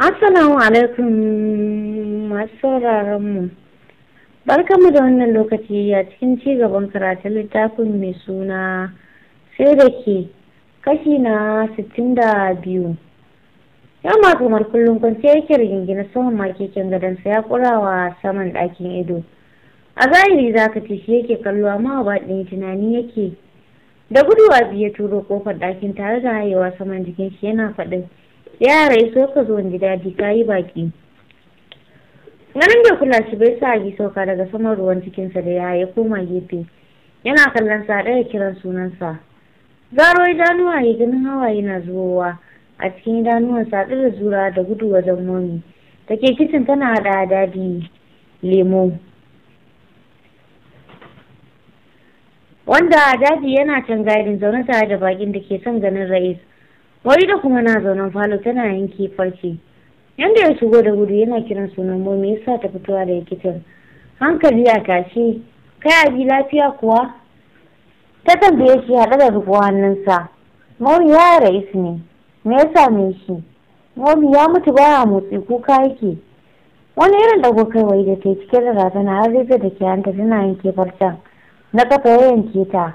Assalamu alaikum masu sauraron mu. Barkanmu da wannan lokaci a cikin ci gaban karatun littafin mai suna sai da ke kashi na sittin da biyu. Yau ma kamar kullum kwanci yake rigingina saman makekin sa, ya wa saman ɗakin ido. A zahiri za ka ce shi yake kallo amma ba ɗin tunani yake. Da gudu a biyu ya turo kofar ɗakin tare da hayewa saman jikin shi yana faɗin. yarai yi ka zo gida ji ka yi baki ganin da kula shi bai sa yi sauka daga saman ruwan cikinsa da ya ya koma gefe yana kallon sa ɗaya kiran sunansa zaro idanuwa ya ganin hawaye na zuwa a cikin idanuwan sa da zura da gudu wajen momi ke kicin tana hada dadi lemo wanda dadi yana can gadin zaune tare da bakin da ke son ganin ra'is wani da kuma na zaunan falo tana yanke farce yanda ya shigo da gudu yana kiran sunan momi yasa ta fitowa da kitin hankali a tashi kai abi lafiya kuwa ta tambaye shi haɗe da riko hannunsa momi ya rais ne me ya same shi momi ya mutu baya motsi kuka yake wani irin dago kai wai da ta cike da razana har zai da ke hanta tana yanke farcen na kafa ya yanke ta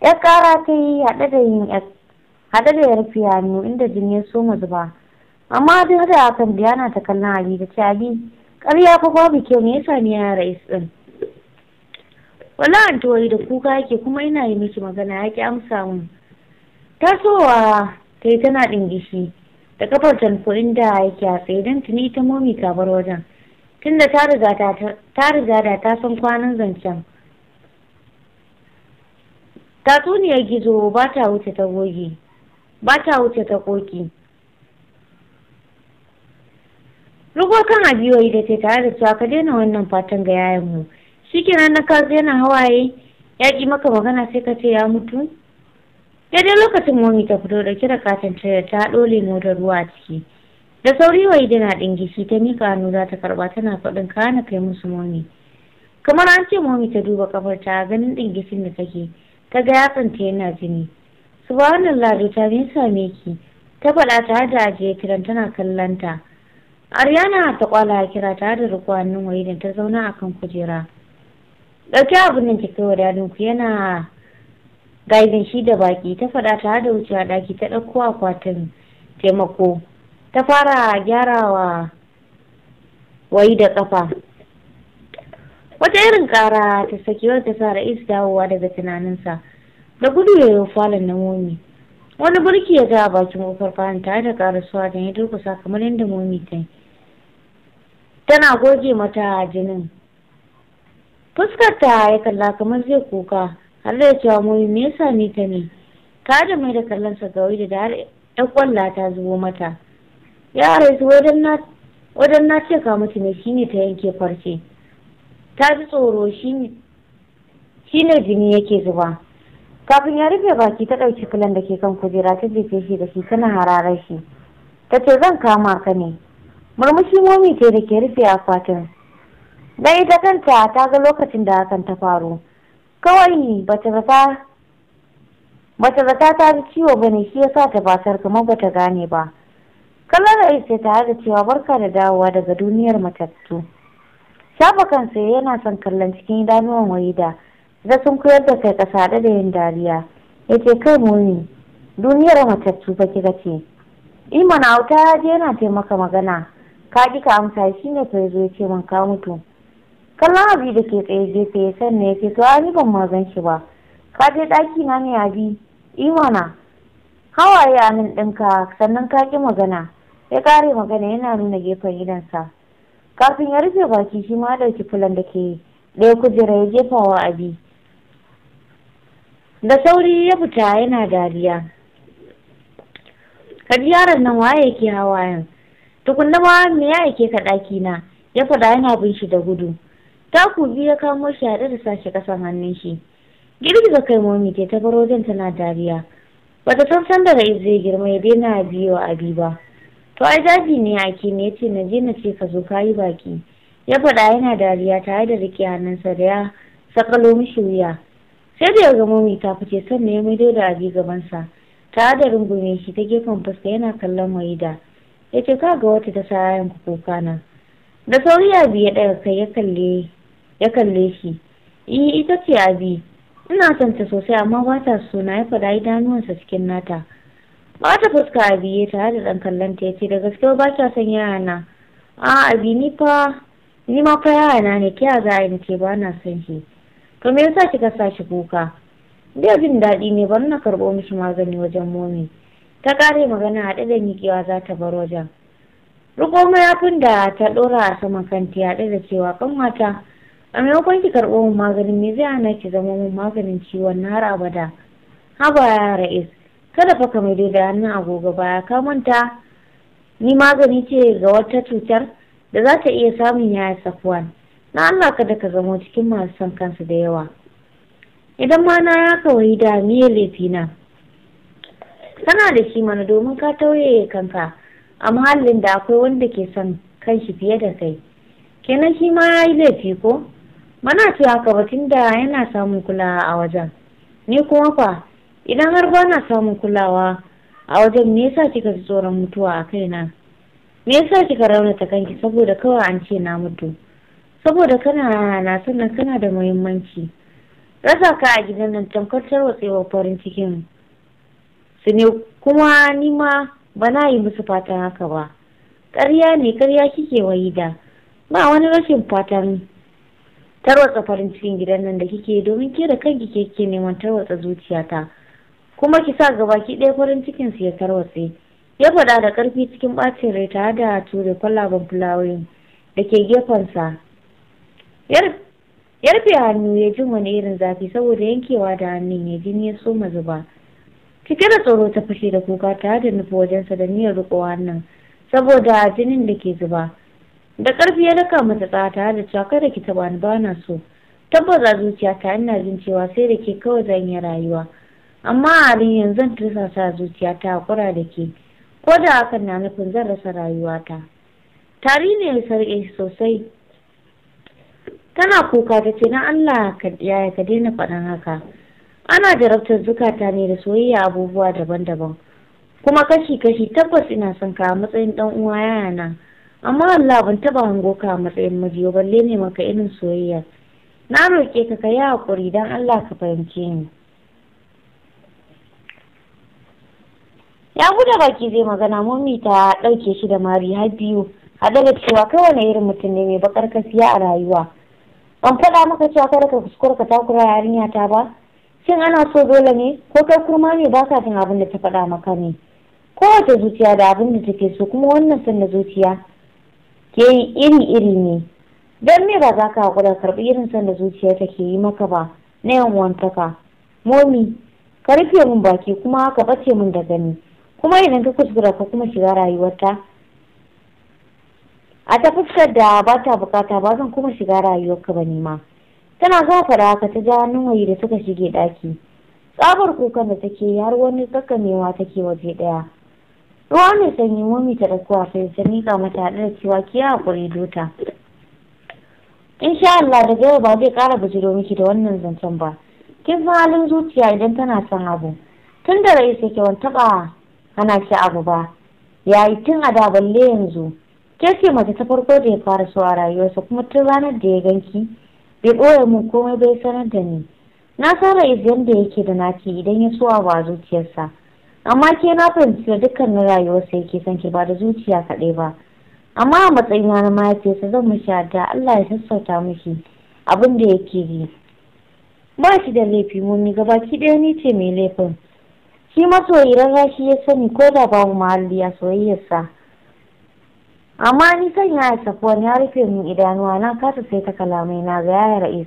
ya kara ta yi haɗe da yin haɗe da ya rufe hannu inda jini ya soma zuba amma duk da hakan na ta kallon Ali da ce Ali ƙarya fa babu kyau me yasa ni yara is din wallahi tuwai da kuka yake kuma ina yi miki magana ya ki amsa mun tasowa ta yi tana ɗingishi da kafar tanfo inda yake a tsaye don tuni ta momi kabar wajen tunda ta riga da ta san kwanan zancen tatsuniyar gizo ba ta wuce ta goge ba ta wuce ta koki rugo kan ajiyoyi da ke tare da cewa ka daina wannan fatan ga yayan mu kenan na kasu yana hawaye ya ki maka magana sai ka ce ya mutu daidai lokacin momi ta fito da kira katin tare ta dole mu da ruwa a ciki da sauri wa wai ɗin gishi ta mika hannu za ta karɓa tana faɗin kana kai musu momi kamar an ce momi ta duba kafar ta ganin gishin da take ta ga yatsan ta yana jini subhanallah ta bi same ki ta faɗa ta da ajiye kiran tana kallon ta Ariana ta kwala kira ta da wai da ta zauna a kan kujera ɗauki abin nan ki kai wa yana gaibin shi da baki ta faɗa ta da a ɗaki ta ɗauko akwatin taimako ta fara gyarawa wai da ƙafa wata irin ƙara ta saki wata ta sa ra'is dawowa daga tunaninsa da gudu ya yi falon na momi wani burki ya ga a bakin kofar falon tare da karasuwa da ya durkusa kamar yadda momi ta yi tana goge mata a jinin fuskar ta ya kalla kamar zai kuka har da cewa momi me yasa ni ta ne ta da mai da kallon sa ga da har yan kwalla ta zubo mata ya su wajen na ce ka mutu ne shine ta yanke farce ta ji tsoro shine shine jini yake zuba kafin ya rufe baki ta ɗauki filan da ke kan kujera ta jefe shi da shi tana hararar shi ta ce zan kama ka ne murmushi momi ce da ke rufe akwatin dan ita kanta ta ga lokacin da hakan ta faru kawai bata zata bata zata ta ji ciwo ba ne, shi ya sa ta basar kamar bata gane ba kallon rai sai tare da cewa barka da dawowa daga duniyar matattu shafa kansa yana son kallon cikin idanuwan waida da sun koyar da kai kasa da da yin dariya ya ce kai muni duniyar matattu fa kika ce imana Auta ya je yana taimaka magana ka ki ka amsa shi ne fa zo ya ce man ka mutu kallon abi da ke tsaye gefe ya sanna ya ce to ani ban ma gan shi ba ka je ɗaki na ne abi imana hawaye a ɗinka sannan ka ƙi magana ya ƙare magana yana nuna gefen gidansa. kafin ya rufe baki shi ma ɗauki fulan da ke ɗaya kujera ya jefa wa abi da sauri ya fita yana dariya kar yaron nan waye yake hawayen tukunna ma me ya aike ka ɗaki na ya faɗa yana bin shi da gudu taku biyu ya kamo shi haɗe da sashi ƙasan hannun shi girgiza kai momi ke ta baro tana dariya bata san san daga zai girma ya daina biyo a abi ba to ai daji ne ke ne ce na je na ce ka zo kayi baki ya faɗa yana dariya tare da riƙe hannunsa da ya sakalo mishi wuya sai da ga momi ta fice sannan ya maido da abi gabansa ta da rungume shi ta gefen fuska yana kallon maida ya ce ka ga wata ta sayan kuka nan da sauri abi ya ɗaya kai ya kalle shi eh ita ce a abi ina son ta sosai amma ba ta suna ya faɗa idanuwansa cikin nata ba fuska a biye ta da ɗan kallon ta ce da gaske ba ta son yana a abi ni fa ni ma fa yana ne kiya za a yi ce ba na son shi to me yasa kika sa shi kuka bai jin daɗi ne bari na karɓo mishi magani wajen momi ta ƙare magana haɗe da miƙewa za ta bar wajen riko mayafin da ta ɗora a saman kanti haɗe da cewa ƙanwata a maimakon ki karɓo min maganin me zai hana ki zama min maganin ciwon na har abada haba ya ra'is kada fa ka maido da hannun agogo baya ka manta ni magani ce ga wata cutar da za ta iya samun yaya safwan na Allah da ka zamo cikin masu son kansu da yawa idan ma na ya kawai da miye laifi na kana da shi mana domin ka tauye kanka a muhallin da akwai wanda ke son kanshi fiye da kai kenan shi ma ya yi laifi ko mana ce haka batun da yana samun kulawa a wajen ni kuma fa idan har ba na samun kulawa a wajen me yasa kika ji tsoron mutuwa a kaina me yasa kika raunata kanki saboda kawai an ce na mutu saboda kana na sannan kana da muhimmanci rasa ka a gidan nan tamkar tarwatsewar farin cikin su ne kuma nima ma ba na yi musu fatan haka ba ƙarya ne ƙarya kike da. ba wani rashin fatan tarwatsa farin cikin gidan nan da kike domin ke da kanki ke ke neman tarwatsa zuciyata kuma ki sa gaba ki ɗaya farin cikin su ya tarwatse ya faɗa da ƙarfi cikin ɓacin rai tare da tura kwalaben fulawoyin da ke gefensa ya rufe hannu ya jin wani irin zafi saboda yankewa da hannun ya jini ya soma zuba cike da tsoro ta fashe da kuka tare da nufi wajensa da niyyar riko hannun saboda jinin da ke zuba da ƙarfi ya daka mata tsata da cewa kada ki taba ni bana so tabbas a zuciya ta ina jin cewa sai da ke kawai zan yi rayuwa amma a halin yanzu zan tursasa zuciya ta hakura da ke ko da hakan na nufin zan rasa rayuwata tari ne ya sarƙe sosai tana kuka ta ce na Allah ka yaya ka daina faɗin haka ana jarabtar zukata ne da soyayya abubuwa daban-daban kuma kashi-kashi tabbas ina son ka matsayin dan uwa yana amma Allah ban taba hango ka matsayin miji balle ne maka irin soyayya na roke ka ka yi hakuri dan Allah ka fahimce ni ya bude baki zai magana mummi ta ɗauke shi da mari har biyu haɗe da cewa kai wani irin mutum ne mai baƙar kasiya a rayuwa ban faɗa maka cewa kada ka kuskura ka takura yarinya ta ba shin ana so dole ne ko kai kurma ne ba ka jin abin da ta faɗa maka ne kowace zuciya da abin da take so kuma wannan sanda zuciya ke yi iri iri ne don me ba za ka haƙura karɓi irin sanda zuciya take yi maka ba na yan wantaka momi ka rufe min baki kuma ka ɓace min da gani kuma idan ka kuskura ka kuma shiga rayuwarta a ta fuskar da ba ta bukata ba zan kuma shiga rayuwarka ba nema. tana fara haka ta ja hannun da suka shige ɗaki tsabar kukan da take har wani tsakamewa take waje ɗaya ruwa mai sanyi mummy ta ɗauko a sai ta miƙa mata haɗe da cewa ki haƙuri dota insha Allah da yau ba zai ƙara bujiro miki da wannan zancen ba kin san halin zuciya idan tana son abu tun da rai sai ke wani taɓa hana shi abu ba yayi tun a da balle yanzu kirki mace ta farko da ya fara so a rayuwarsa kuma tun ranar da ya ganki bai ɓoye mun komai bai sanar da ni na sara izyan da yake da naki idan ya so ba zuciyarsa amma ke na fahimci da dukkanin rayuwarsa yake son ke ba da zuciya kaɗai ba amma a matsayin na mahaifiyarsa zan mishi da Allah ya sassauta mishi abin da yake yi ba shi da laifi muni gabaki ɗaya ni ce mai laifin shi masoyi rarrashi ya sani ko da babu mahalli a soyayyarsa amma ni sanya ya safuwan ya rufe min idanuwa na kasa sai ta kalamai na ga yaya ra'is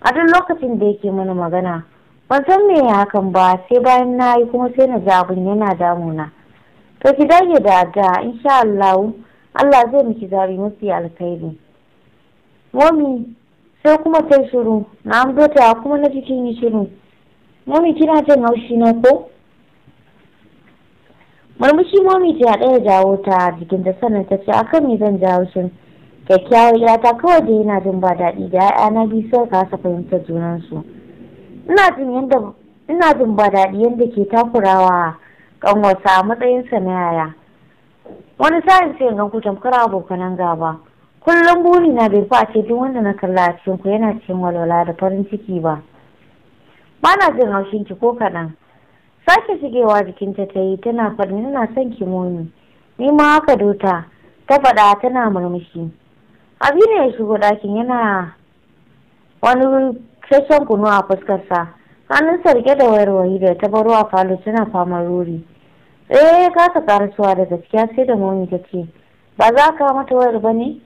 a duk lokacin da yake mana magana ban san me ya hakan ba sai bayan na yi kuma sai na ji abin yana damuna to ki dage da addu'a insha Allah Allah zai miki zabi mafi alkhairi momi sai kuma sai shiru na amdo kuma na jikin yi shiru momi kina jin haushi na ko murmushi momi ta ɗaya jawo ta jikin da sannan ta ce akan me zan jawo shin kyakkyawar iyata kawai da yana jin ba daɗi da na biyu sai kasa fahimtar junansu ina jin ina jin ba daɗi yadda ke takurawa kanwarsa a matsayinsa na yaya wani sa'in sai ga ku tamkar abokanan gaba kullum buri na bai a ce duk wanda na kalla a cikin ku yana cikin walwala da farin ciki ba ba na jin haushin ki ko kaɗan sake shigewa jikinta ta yi tana faɗi ina son kimomi ni ma haka dota ta faɗa tana murmushi abinu ya shigo ɗakin yana wani sashen kunu a fuskarsa hannunsa rike da wayar da ta baro a falo tana fama rori eh ya kasa karasuwa da gaskiya sai da momi ta ce ba za ka mata wayar ba ne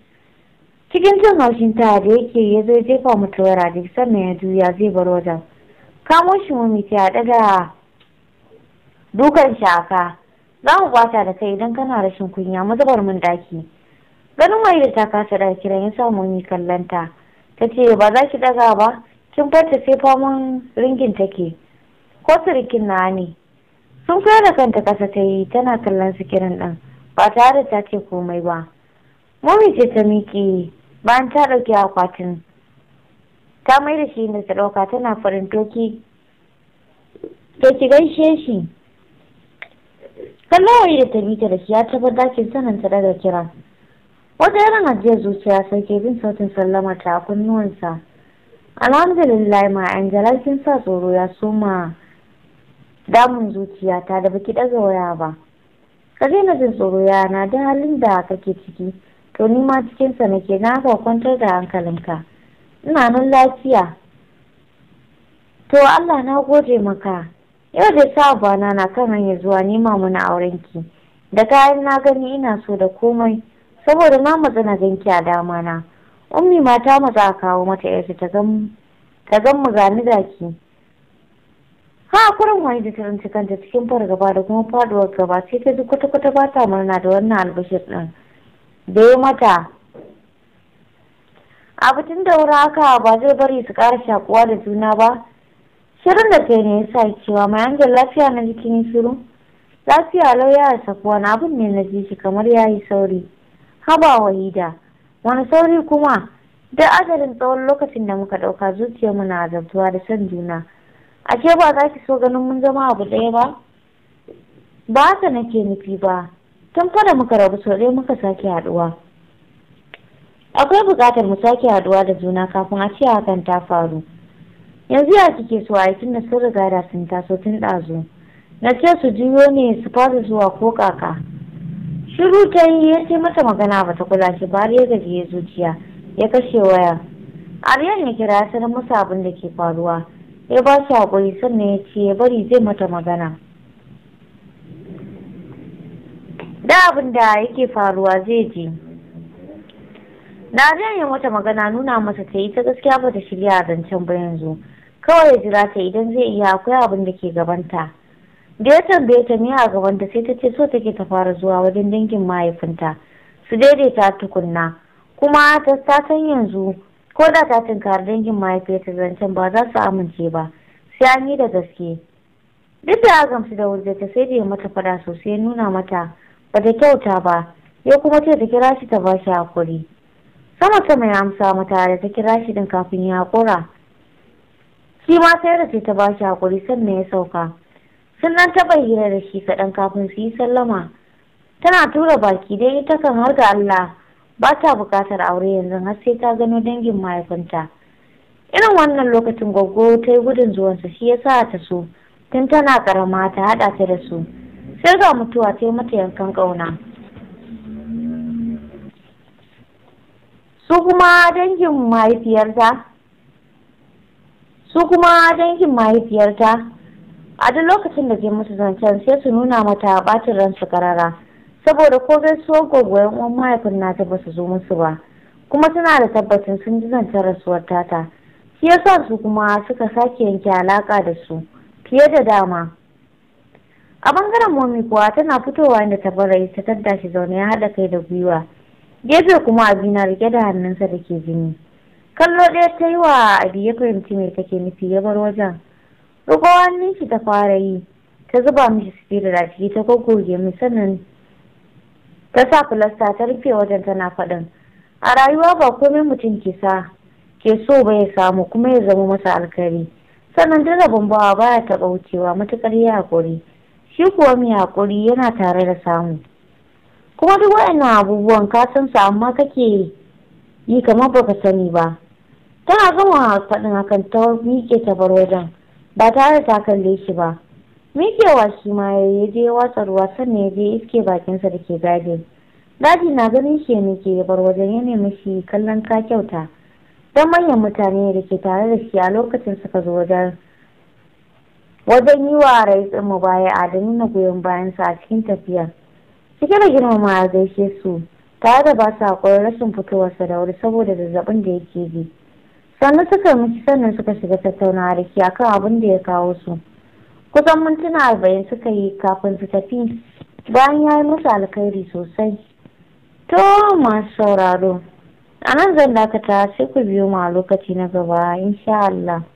cikin cin haushin ta da yake ya zo jefa mata wayar a duk sannan ya juya zai bar wajen kamo shi momi ta haɗe ɗaga dukan shaka za mu bata da kai idan kana rashin kunya mazabar mun daki ganin mai ta kasa da kiran ya samu yi kallanta ta ce ba za ki daga ba kin farta sai faman ringin take ko sirikin na ne sun fiye da kanta kasa ta yi tana kallon su kiran ɗan. ba tare da ta ce komai ba mummy ce ta miƙe bayan ta ɗauki akwatin ta mai da shi da ta ɗauka tana farin toki to ki gaishe shi kallawai da ta bi ta da shi ya taɓa dakin sanin ta daga kira wata yaran ajiyar zuciya sai ke bin sautin sallamar ta a kunnuwansa alhamdulillah ma angela kin sa tsoro ya soma damun zuciyata da baki ɗaga waya ba ka daina jin tsoro na da halin da kake ciki to ni ma cikinsa nake na ka kwantar da hankalinka ina nan lafiya to allah na gode maka yau da sa bana na kan hanyar zuwa nema mana auren ki da kayan na gani ina so da komai saboda na matsa na ganki a dama na ummi ma ta matsa a kawo mata yarta ta gan ta gan mu gani da ki ha kurin wani da kanta cikin fargaba da kuma faduwar gaba sai ta ji kwata-kwata ba ta murna da wannan albashir din da ya mata abu tun da wuri haka ba zai bari su ƙara shakuwa da juna ba shirin da ta ne ya sa cewa mayan da lafiya na jikin shiru lafiya lau ya rasa kuwa na abin ne na ji kamar ya yi sauri haba wani sauri kuma da adadin tsawon lokacin da muka ɗauka zuciyarmu muna azabtuwa da san juna Ake ba za ki so ganin mun zama abu ɗaya ba ba haka nake nufi ba tun fara muka rabu sau ɗaya muka sake haɗuwa akwai buƙatar mu sake haɗuwa da juna kafin a ce hakan ta faru yanzu ya kike so a yi tunda sun riga da sun taso tun ɗazu na ce su juyo ne su fara zuwa ko kaka shiru ta yi ya ce mata magana ba ta kula shi ba har ya gaji ya zuciya ya kashe waya aryan ya kira ya sanar masa abin da ke faruwa ya ba shi haƙuri sannan ya ce ya bari zai mata magana da abin da yake faruwa zai je da yi mata magana nuna masa ta yi ta gaskiya ba ta shirya a zancen ba yanzu kawai ya jira ta idan zai iya akwai abin da ke gabanta da ya tambaye ta ne a gabanta sai ta ce so take ta fara zuwa wajen dangin mahaifinta su daidaita tukunna kuma ta san yanzu ko da ta tunkar dangin mahaifiyarta zancen ba za su amince ba sai an yi da gaske duk da ya gamsu da ta sai da ya mata fada sosai ya nuna mata ba ta kyauta ba ya kuma ce ta kira shi ta ba shi hakuri sama sama ya amsa mata da ta kira shi din kafin ya hakura shi ma sai da sai ta ba shi haƙuri sannan ya sauka sannan ta bayyana da shi kaɗan kafin su yi sallama tana tura baki dai ita kan har da Allah ba ta buƙatar aure yanzu har sai ta gano dangin mahaifinta irin wannan lokacin gwaggo ta yi gudun zuwansa shi ya sa ta so tun tana ƙarama ta haɗa ta da su sai ga mutuwa ta yi mata yankan ƙauna su kuma dangin mahaifiyarta su kuma dangin mahaifiyarta a duk lokacin da ke musu zancen sai su nuna mata batin ransu karara saboda ko gaisuwar gwagwayen uwan mahaifin nata ba su zo musu ba kuma suna da tabbacin sun ji zancen rasuwar tata shi yasa su kuma suka sake yanke alaka da su fiye da dama a bangaren momi kuwa tana fitowa inda ta ta tadda shi zaune ya haɗa kai da gwiwa gefe kuma abina rike da hannunsa da ke jini kallo ɗaya ta yi wa abi ya fahimci me take nufi ya bar wajen rugo hannun shi ta fara yi ta zuba mishi spirit da ciki ta goggoge mai sannan ta sa filasta ta rufe wajen tana faɗin a rayuwa ba komai mutum ke sa ke so ba ya samu kuma ya zama masa alkari sannan duk rabin bawa baya taɓa wucewa matuƙar ya haƙuri shi kuwa mai haƙuri yana tare da samu kuma duk waɗannan abubuwan ka san su amma kake yi kamar baka sani ba tana gama faɗin hakan ta miƙe ta bar wajen ba tare ta kalle shi ba miƙewa shi ma ya je watsa ruwa sannan ya je iske bakinsa da ke gadi gadi na ganin shi ya miƙe bar wajen ya nemi shi kallon ka kyauta don manyan mutane da ke tare da shi a lokacin suka zo wajen wajen yi wa raitsin mu baya a da nuna goyon bayansa a cikin tafiya cike da girmama a gaishe su tare da ba sa rashin fitowarsa da wuri saboda zazzabin da yake ji. sannan suka miki sannan suka shiga tattaunawa da ke akan abin da ya kawo su kusan mintuna arba'in suka yi kafin su tafi bayan ya yi musu alkhairi sosai to masu sauraro a nan zan dakata sai ku biyo ma lokaci na gaba insha Allah